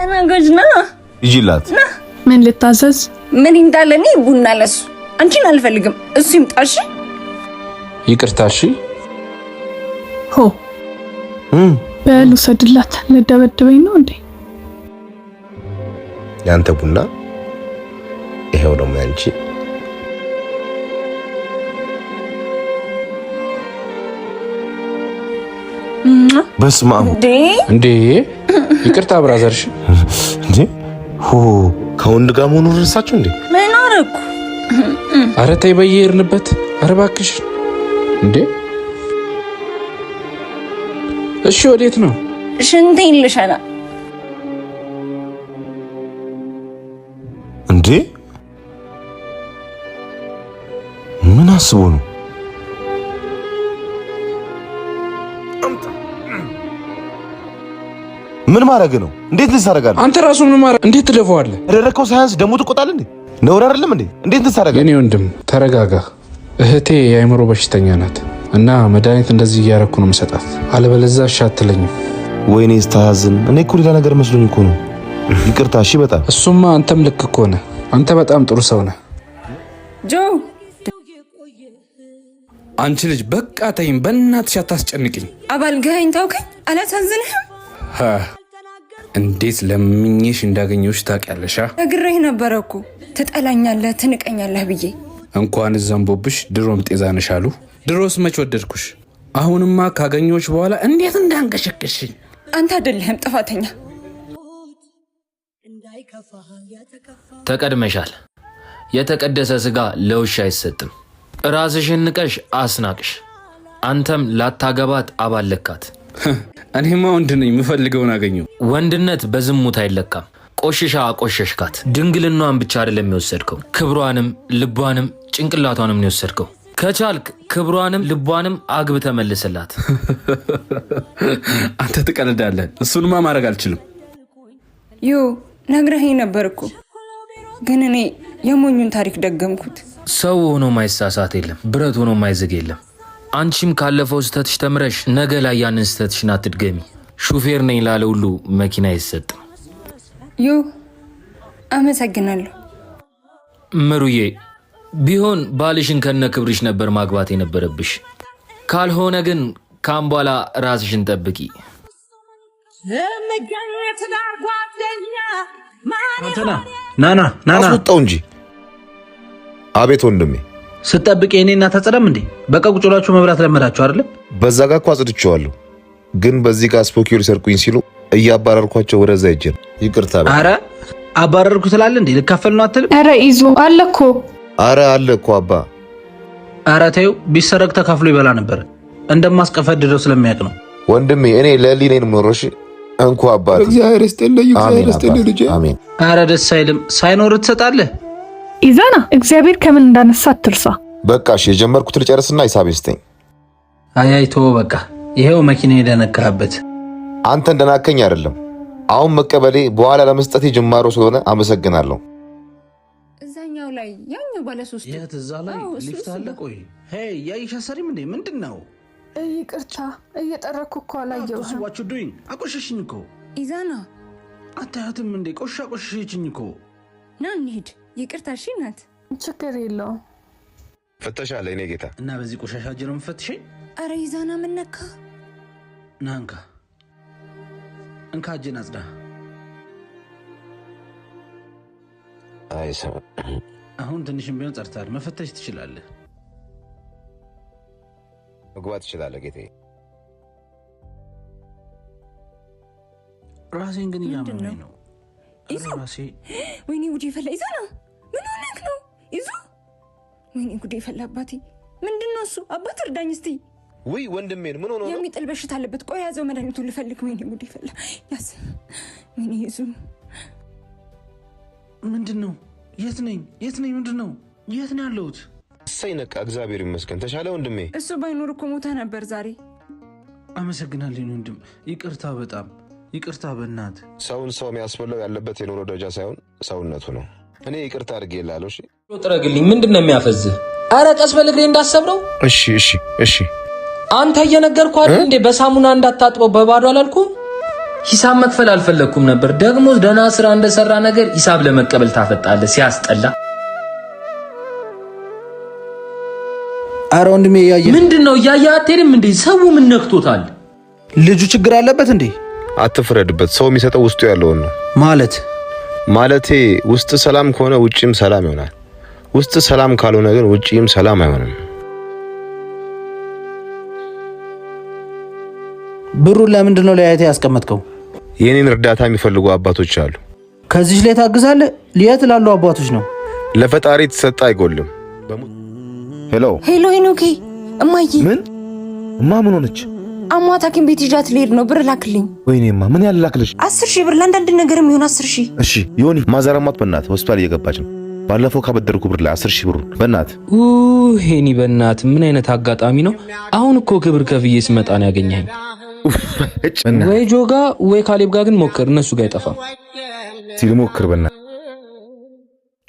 አስተናጋጅ ና ና ምን ልታዘዝ ምን እንዳለ እኔ ቡና ለሱ አንቺን አልፈልግም እሱ ይምጣሽ ይቅርታሽ ሆ በሉ ሰድላት ልደበድበኝ ነው እንዴ ያንተ ቡና ይሄው ነው ያንቺ በስማም እንዴ ይቅርታ ብራዘርሽ እንዴ? ሆ ከወንድ ጋር መሆኑን ረሳችሁ እንዴ? ምን አረኩ? ኧረ ተይ በየሄድንበት። እባክሽ እንዴ! እሺ ወዴት ነው? ሽንት ልሸና እንዴ? ምን አስቦ ነው? ምን ማድረግ ነው? እንዴት ልትሳረጋለ? አንተ ራሱ ምን ማድረግ እንዴት ትደፈዋለህ? ያደረከው ሳያንስ ደግሞ ትቆጣል እንዴ? ነውር አይደለም እንዴ? እንዴት ልትሳረጋለ? እኔ ወንድም ተረጋጋ። እህቴ የአእምሮ በሽተኛ ናት እና መድኃኒት እንደዚህ እያረኩ ነው መሰጣት፣ አለበለዛ እሺ ወይኔ ስታዝን፣ እኔ እኮ ሌላ ነገር መስሎኝ እኮ ነው። ይቅርታ። እሺ በጣም እሱማ አንተም ልክ እኮ ነህ። አንተ በጣም ጥሩ ሰው ነህ ጆ። አንቺ ልጅ በቃ ተይኝ፣ በእናትሽ አታስጨንቅኝ። አባል ገኝ ታውከኝ አላሳዝንህም? እንዴት ለምኝሽ እንዳገኘሁሽ ታውቂያለሽ። እግሬህ ነበረ እኮ ትጠላኛለህ፣ ትንቀኛለህ ብዬ እንኳን ዘንቦብሽ ድሮም ጤዛ ነሽ አሉ። ድሮስ መች ወደድኩሽ? አሁንማ ካገኘሁሽ በኋላ እንዴት እንዳንቀሸቀሽኝ። አንተ አይደለህም ጥፋተኛ፣ ተቀድመሻል። የተቀደሰ ስጋ ለውሻ አይሰጥም። ራስሽን ንቀሽ አስናቅሽ። አንተም ላታገባት አባለካት። እኔማ ወንድ ነኝ፣ የምፈልገውን ወንድነት በዝሙት አይለካም። ቆሽሻ አቆሸሽካት። ድንግልናዋን ብቻ አይደለም የሚወሰድከው፣ ክብሯንም፣ ልቧንም፣ ጭንቅላቷንም የሚወሰድከው የወሰድከው። ከቻልክ ክብሯንም ልቧንም አግብ ተመልስላት አንተ ትቀልዳለህ። እሱንማ ማድረግ አልችልም። ዩ ነግረኸኝ ነበር እኮ ግን እኔ የሞኙን ታሪክ ደገምኩት። ሰው ሆኖ ማይሳሳት የለም፣ ብረት ሆኖ ማይዝግ የለም። አንቺም ካለፈው ስህተትሽ ተምረሽ ነገ ላይ ያንን ስህተትሽን አትድገሚ። ሹፌር ነኝ ላለ ሁሉ መኪና አይሰጥም። ዩ አመሰግናለሁ። ምሩዬ ቢሆን ባልሽን ከነ ክብርሽ ነበር ማግባት የነበረብሽ። ካልሆነ ግን ካም በኋላ ራስሽን ጠብቂ። ናና አስወጣው እንጂ። አቤት ወንድሜ። ስጠብቅ የኔ እናት እንዴ? በቃ ቁጭ ለመዳችሁ አይደለም? በዛ ጋ እኮ አጽድቼዋለሁ። ግን በዚህ ጋር ስፖኪዮ ሊሰርቁኝ ሲሉ እያባረርኳቸው ወደዛ ሂጅ ነው። ይቅርታ አረ አባረርኩ ትላለ እንዴ? ልካፈል ነው አትልም? አረ ይዞ አለ እኮ ኧረ አለ እኮ አባ ኧረ ተይው። ቢሰረቅ ተካፍሎ ይበላ ነበር። እንደማስቀፈድደው ስለሚያውቅ ነው። ወንድሜ እኔ ለሊኔን ምሮሽ እንኩ አባት እግዚአብሔር ስጥልኝ፣ እግዚአብሔር ስጥልኝ ልጄ። ኧረ ደስ አይልም። ሳይኖር ትሰጣለህ። ኢዛና እግዚአብሔር ከምን እንዳነሳ አትርሳ። በቃ እሺ፣ የጀመርኩት ልጨርስና ሂሳቤ ስጠኝ። አያይቶ በቃ ይሄው መኪና የደነካህበት አንተ እንደናከኝ አይደለም። አሁን መቀበሌ በኋላ ለመስጠት ጅማሮ ስለሆነ አመሰግናለሁ። እዛኛው ላይ ያኛው ባለ ሶስት የት እዛ ላይ ሊፍት አለ። ቆይ ሄይ ያይሻ ሰሪም እንዴ ምንድን ነው? ይቅርታ እየጠረኩ እኮ አላየሁም። ዱኝ አቆሸሽኝ እኮ ኢዛና አታያትም እንዴ? ቆሻ ቆሸሸችኝ እኮ ና እንሂድ። ይቅርታ ሽናት ናት፣ ችግር የለውም። ፍተሻ አለ እኔ ጌታ እና በዚህ ቆሻሻ ጀ ነው አረ ይዛና ምነካ ናንካ እንካ እጅን አጽዳ። አይ ሰው አሁን ትንሽም ቢሆን ጸርታል። መፈተሽ ትችላለህ፣ መግባት ትችላለህ። ጌቴ ራሴን ግን እያመመኝ ነው። ራሴ ወይኔ ጉዴ ፈላ። ይዛና ምን ሆነክ ነው? ይዞ ወይኔ ጉዴ ፈላ። አባቴ ምንድን ነው እሱ? አባት እርዳኝ እስቲ ወይ ወንድሜን ምን ሆኖ ነው የሚጥል በሽታ አለበት። ቆይ ያዘው መድኃኒቱን ልፈልግ። ወይኔ ጉድ ይፈላ ያስ ምን ይዙ ምንድን ነው? የት ነኝ? የት ነኝ? ምንድን ነው? የት ነው ያለሁት? እሰይ ነቃ። እግዚአብሔር ይመስገን ተሻለ ወንድሜ። እሱ ባይኖር እኮ ሞተ ነበር ዛሬ። አመሰግናለሁ ወንድም፣ ይቅርታ፣ በጣም ይቅርታ። በእናት ሰውን ሰው የሚያስበላው ያለበት የኑሮ ደረጃ ሳይሆን ሰውነቱ ነው። እኔ ይቅርታ አድርጌ እሺ ጥረግልኝ። ምንድን ነው የሚያፈዝህ? አረ ቀስ በልግሬ እግሬ እንዳሰብረው። እሺ፣ እሺ፣ እሺ አንተ እየነገርኩ አይደል እንዴ? በሳሙና እንዳታጥበው በባዶ አላልኩም። ሂሳብ መክፈል አልፈለግኩም ነበር። ደግሞ ደህና ስራ እንደሰራ ነገር ሂሳብ ለመቀበል ታፈጣለህ። ሲያስጠላ። ኧረ ወንድሜ እያየህ ምንድን ነው? እያየህ አትሄድም እንዴ? ሰው ምን ነክቶታል? ልጁ ችግር አለበት እንዴ? አትፍረድበት። ሰው የሚሰጠው ውስጡ ያለውን ነው። ማለት ማለቴ ውስጥ ሰላም ከሆነ ውጪም ሰላም ይሆናል። ውስጥ ሰላም ካልሆነ ግን ውጪም ሰላም አይሆንም። ብሩን ለምንድን ነው ለያየት ያስቀመጥከው? የኔን እርዳታ የሚፈልጉ አባቶች አሉ። ከዚህ ላይ ታግዛለ። የት ላሉ አባቶች ነው? ለፈጣሪ የተሰጠ አይጎልም። ሄሎ ሄሎ፣ ሄኖኬ እማዬ። ምን እማ፣ ምን ሆነች? አሟት ሐኪም ቤት ይዣት ልሄድ ነው። ብር ላክልኝ። ወይኔ እማ፣ ምን ያህል ላክልሽ? አስር ሺህ ብር ለአንዳንድ ነገር የሚሆን አስር ሺህ እሺ። ዮኒ ማዘራማት በእናት ሆስፒታል እየገባች ነው። ባለፈው ካበደርኩ ብር ላይ አስር ሺህ ብሩን በእናት ሄኒ፣ በእናት ምን አይነት አጋጣሚ ነው? አሁን እኮ ክብር ከፍዬ ስመጣ ነው ያገኘኸኝ። ወይ ጆጋ ወይ ካሌብ ጋር ግን ሞክር፣ እነሱ ጋር አይጠፋም። ሲል ሞክር በና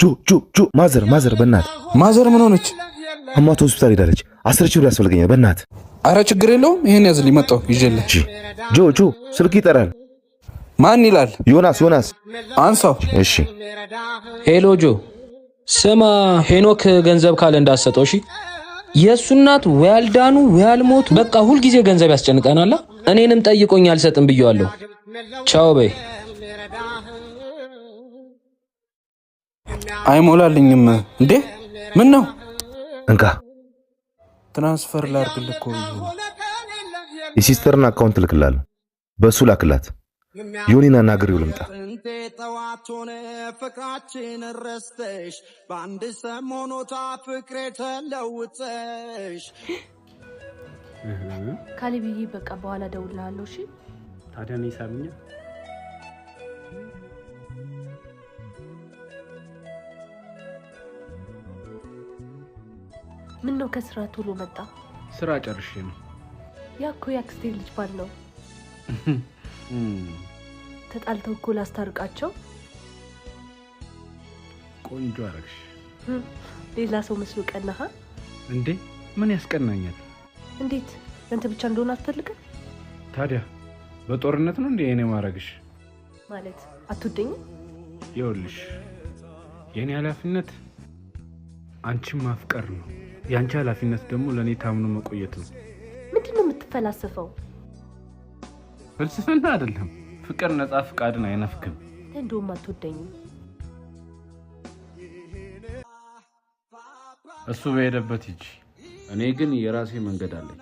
ጆ ጆ ጆ ማዘር ማዘር በእናትህ ማዘር ምን ሆነች? አማቶ ሆስፒታል ሄዳለች። አስር ሺህ ብር ያስፈልገኛል በእናትህ። አረ ችግር የለውም ይሄን ያዝልኝ፣ መጣሁ ይዤልህ። ጆ ጆ ስልክ ይጠራል። ማን ይላል? ዮናስ ዮናስ አንሳው። እሺ ሄሎ ጆ ስማ፣ ሄኖክ ገንዘብ ካለ እንዳሰጠው። እሺ የእሱ እናት ወይ አልዳኑ ወይ አልሞቱ። በቃ ሁልጊዜ ገንዘብ ያስጨንቀናል። እኔንም ጠይቆኝ አልሰጥም ብየዋለሁ። ቻው በይ። አይሞላልኝም እንዴ? ምን ነው እንካ ትራንስፈር ላርግልህ እኮ የሲስተርን አካውንት ልክላለሁ። በእሱ ላክላት። ዮኒን አናግሬው ልምጣ። ጠዋቱን ፍቅራችን ረስተሽ በአንድ ሰሞኖታ ፍቅሬ ተለውጠሽ ካሊብዬ በቃ በኋላ እደውልልሃለሁ። እሺ ታዲያ ነው ይሳብኛ ምን ነው ከስራ ቶሎ መጣ? ስራ ጨርሼ ነው። ያ እኮ የአክስቴ ልጅ ባል ነው። ተጣልተው እኮ ላስታርቃቸው። ቆንጆ አረግሽ። ሌላ ሰው መስሎ ቀናሃ እንዴ? ምን ያስቀናኛል? እንዴት አንተ ብቻ እንደሆነ አትፈልግም? ታዲያ በጦርነት ነው እንዴ የኔ ማድረግሽ? ማለት አትወደኝም? ይኸውልሽ የእኔ ኃላፊነት አንቺን ማፍቀር ነው። የአንቺ ኃላፊነት ደግሞ ለእኔ ታምኖ መቆየት ነው። ምንድን ነው የምትፈላሰፈው? ፍልስፍና አይደለም ፍቅር ነፃ ፍቃድን አይነፍክም። እንደውም አትወደኝም። እሱ በሄደበት ሂጂ። እኔ ግን የራሴ መንገድ አለኝ።